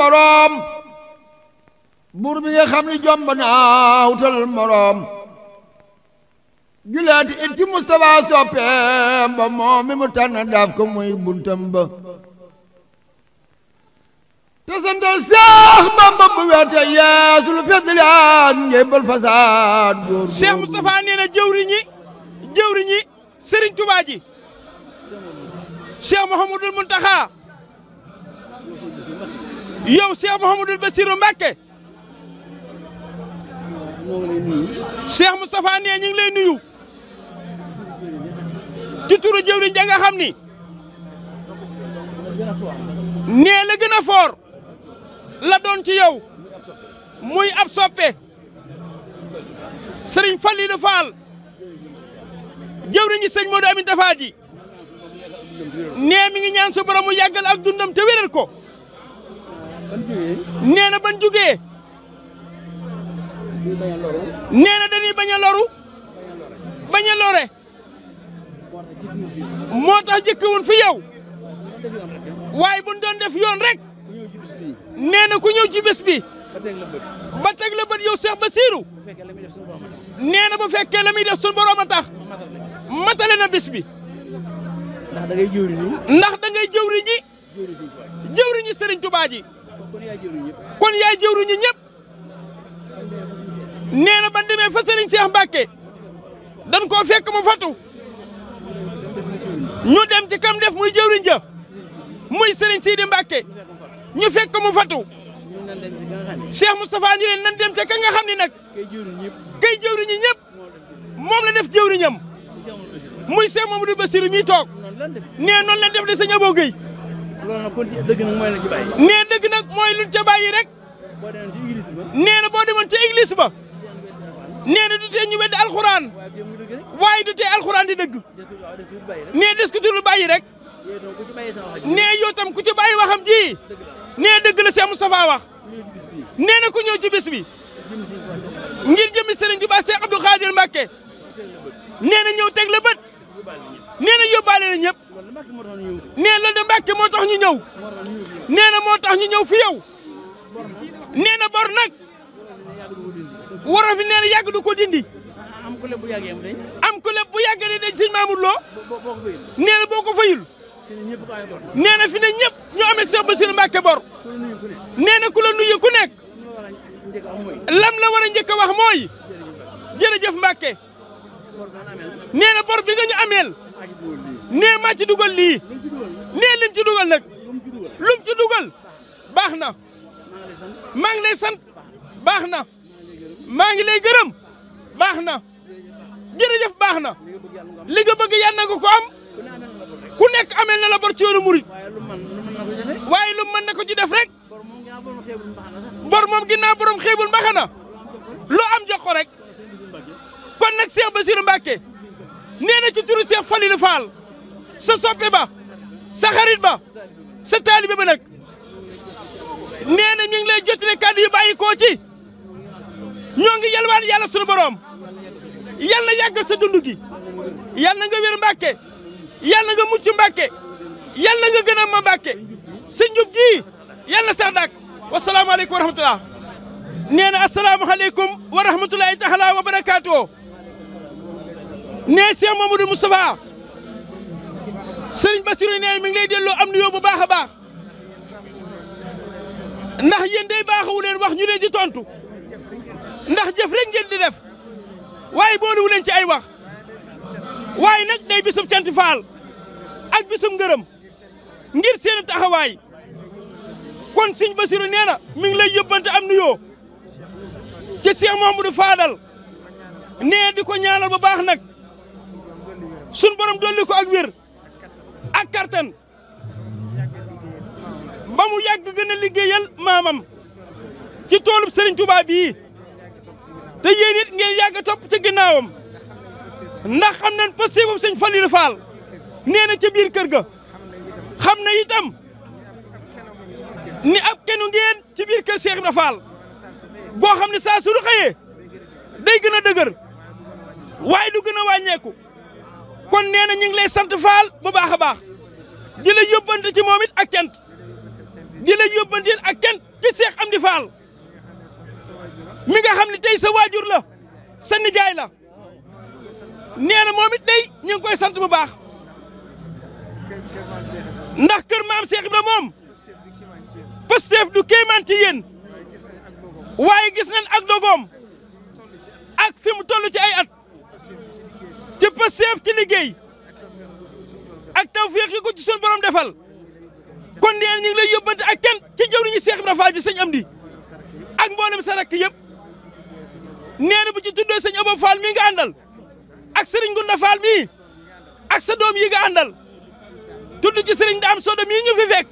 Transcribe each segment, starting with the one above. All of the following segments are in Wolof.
boroom buur nga xam ni jomb naaw tal moroom juleeti it ci Mustafa soppeem ba moom mi mu tànn daaf ko muy buntam ba te sante Bamba bu weete yeesu lu feddali ak njébbal fasaad góor Seex Mustafa nee na jëwriñi jëwriñi Sëriñ Tuubaa ji Seex Muhammadul Muntaxa yow Cheikh Mouhamadul Bassirou Mbacké Cheikh Moustapha nee ñu ngi lay nuyu ci turu jëwriñ ja nga xam ni nee la gën a foor la doon ci yow muy ab soppe sëriñ Falilou Fall jëwriñu sëñ Modou Aminta Fall ji nee mi ngi ñaan su borom yàggal ak dundam te wéral ko nee na ban jugee nee na dañuy bañ a loru bañ a lore moo tax jëkkewun fi yow waaye buñ doon def yoon rek nee na ku ñëw ci bés bi ba teg la bët Basiiru nee bu fekkee la muy def suñu borom a tax matale na bés ndax da ngay jëwriñ ji jëwriñu Sëriñ Tubaa kon yaay jëwriñ ñëpp. kon yaay jëwriñ nee na ba demee fa Serigne Cheikh Mbacke dañ koo fekk mu fatu ñu dem ci kam def muy jëwriñ ja muy Serigne Sidi Mbacke ñu fekk mu fatu Cheikh Moustapha ñu leen nan dem ca ka nga xam ni nag kay jëwriñi ñëpp moom la def jëwriñam muy Cheikh Mamadou Bassirou mi toog nee noonu lañ def de sëñ Abo Gueye loolu dëgg nag mooy la ci dëgg nag mooy luñ ca bàyyi rek. boo demoon nee na boo demoon ci église ba. nee na du tee ñu weddi alxuraan. waaye du tee alxuraan di dëgg. nee des ko bàyyi rek. nee yow tam ku ci bàyyi waxam ji. nee dëgg la Cheikh Moustapha wax. nee na ku ñëw ci bis bi. ngir jëmi Serigne Touba Cheikh Abdou Khadir Mbacké. nee na ñëw teg la bët. nee na yóbbaale na ñëpp. nee la Mbàkke moo tax ñu ñëw nee moo tax ñu ñëw fi yow na bor nag waroon fi nee yàgg du ko dindi. am ku lépp bu yàggee am dañ. am ku lépp bu yàggee dañ dañ Lo. nee ko fayul. fi ne ñëpp ñu amee Cheikh Bassirou Mbacke bor. nee na ku la nuyu ku nekk. lam la war a njëkk wax mooy. jërëjëf Mbacke. nee na bor bi ñu ameel. nee ma dugal lii. nee lim ci dugal nag lum ci dugal baax na maa ngi lay sant baax na maa ngi lay gërëm baax na jërëjëf baax na li nga bëgg yàlla na nga ko am ku nekk amel na la bor ci yoonu murit waaye lu mën na ko ci def rek bor moom naa borom xeebul mbaxana loo am jox ko rek kon nag Cheikh Bassirou Mbacké nee na ci turu Cheikh Falilou Fall sa ba sa ba sa taalibe ba nag nee na ñu ngi lay jotile kàddu yu ñoo ngi yalwaan yàlla sunu borom yal na yàggal sa dund gi na nga wér mbàkke yal na nga mucc mbàkke yal na nga gën a ma mbàkke njub ji yal na sax dàkk wasalaamaaleykum wa rahmatulah nee na asalaamaaleykum wa rahmatulahi taala wa barakaatu nee Cheikh Mamadou Moustapha sëriñ Bassirou nee mi ngi lay delloo am nuyoo bu baax a baax ndax yéen day baaxawu leen wax ñu leen di tontu ndax jëf rek ngeen di def waaye booluwu leen ci ay wax waay nag day bisub cant faal ak bisub ngërëm ngir seen taxawaay kon sëriñ Bassirou nee na mi ngi lay yëbbante am nuyoo ci Cheikh Mouhamadou Fadal nee di ko ñaanal bu baax nag sun borom dolli ko ak wér ak kartan ba mu yàgg gën a liggéeyal maamam ci toolub sëriñ Touba bii te yéen it topp ci ginnaawam ndax xam nañ posté boobu sëñ Falilou nee na ca biir kër ga xam na itam ni ab kenu ngeen ci biir kër Cheikh Ibra Fall boo xam ne saa su xëyee day gën dëgër waaye du gën a wàññeeku. kon nee na ñu ngi lay sant faal ba baax a baax di la yóbbante ci moom ak cant di la yóbbante ak cant ci Seex Amdi Faal mi nga xam ne tey sa waajur la sa nijaay la nee na moom it koy sant bu baax ndax kër maam Seex Ibra moom Pastef du kéemaan ci yéen waaye gis nañ ak dogoom ak fi mu toll ci ay at ci Pastef ci liggéey ak tawfeex yi ko ci suñu borom defal kon nee ñu ngi lay ak kenn ci jëwriñu Seex Ibra Faal ji sëñ ak mboolem sa rakk yëpp bu ci tuddee sëñ Abo Fall mii nga ak sëriñ Gunda Fall mii ak sa doom yi nga àndal tudd ci sëriñ da am soodo mii ñu fi fekk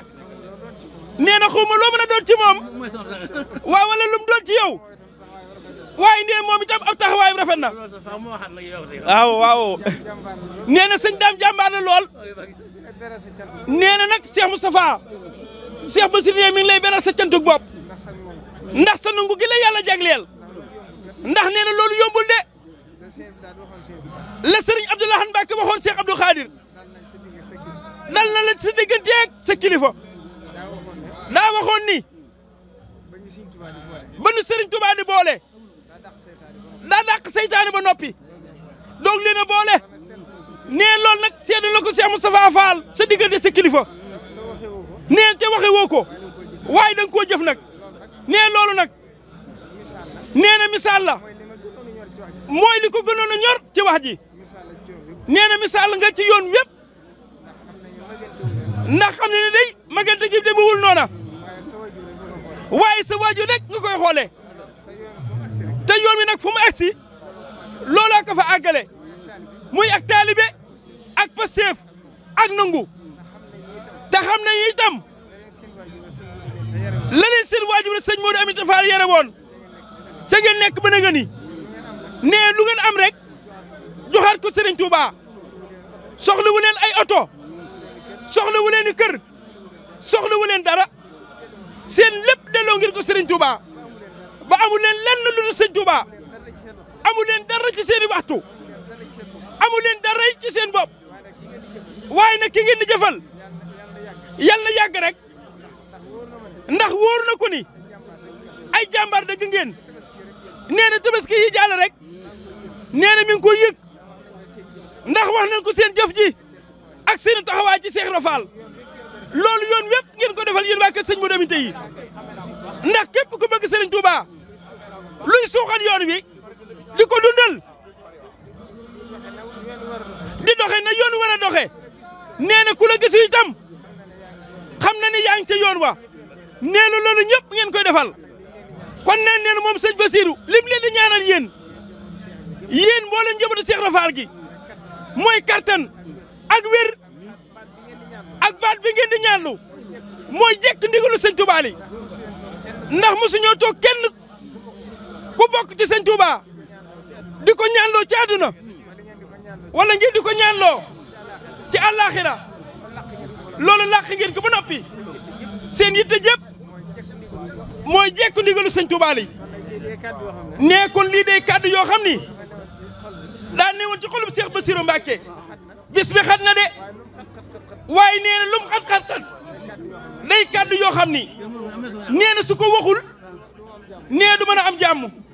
nee na xaw ma loo ci moom waaw wala lu ci yow waaye nee moom itam ab taxawaayam rafet na waaw waaw nee na sëñ la lool nee na nag Cheikh Moustapha Cheikh Bassirou ne mi lay beral sa bopp ndax sa nangu gi la yàlla jagleel ndax nee loolu yombul de la sëriñ Abdoulahan Mbacke waxoon Cheikh Abdou dal na la sa digganteeg sa kilifa daa waxoon ni ba sëriñ Touba boole daa dàq seytaane ba noppi doog leen a boole nee loolu nag seede la ko Cheikh Moustapha Fall sa diggante sa kilifa nee te waxe ko waaye da nga koo jëf nag nee loolu nag nee na misaal la mooy li ko gënoon a ñor ci wax ji nee na la nga ci yoon wépp ndax xam ne ne day magante gi de bawul noona waaye sa waajur rek nga koy xoolee te yoon wi nag fu mu egsi looloo aggale fa àggale muy ak taalibe ak pasteef ak nangu te xam nañu itam leneen seen waajur sëñ Modou Aminta Fall yare woon ca nekk ba ni nee lu am rekk joxaat ko Serigne Touba soxlawu leen ay oto soxlawu leen i kër soxlawu leen dara seen lépp delloo ngir ko Serigne Touba. ba amul leen lenn lu dul sëñ Touba amul leen dara ci seen i waxtu amul leen dara ci seen bopp waaye nag ki ngeen di jëfal yàlla na yàgg rek ndax wóor na ko ni ay jàmbaar dëgg ngeen nee na tabaski yi jàll rek nee na mi ngi ndax wax nañ ko seen jëf ji ak seen taxawaay ci Cheikh Rafal loolu yoon wépp ngeen ko defal yéen waa kër sëñ Modou Aminta yi ndax képp ku bëgg Serigne Touba. luy suuxal yoon wi di ko dundal di doxe na yoon war a doxe nee na ku la gis itam xam na ni yaa ngi ca yoon wa nee na ñëpp ngeen koy defal kon neen nee na moom sëñ Basiru lim leen di ñaanal yéen yéen mboolem njabootu Cheikh Rafaal gi mooy kattan ak wér ak baat bi ngeen di ñaanlu mooy jekk ndigalu sëñ Tuubaa ndax mosu ñoo toog kenn bokk ci sëñ Touba di ko ñaanloo ci àdduna wala ngeen di ko ñaanloo ci àllaaxira ko ba noppi seen yitte jëpp mooy jekku ndigalu sëñ Touba li nee kon lii day kàddu yoo xam ni daa newoon ci xolum Cheikh Bassirou Mbacké bis bi xat na de waaye nee na lum na su ko waxul nee du mën am jàmm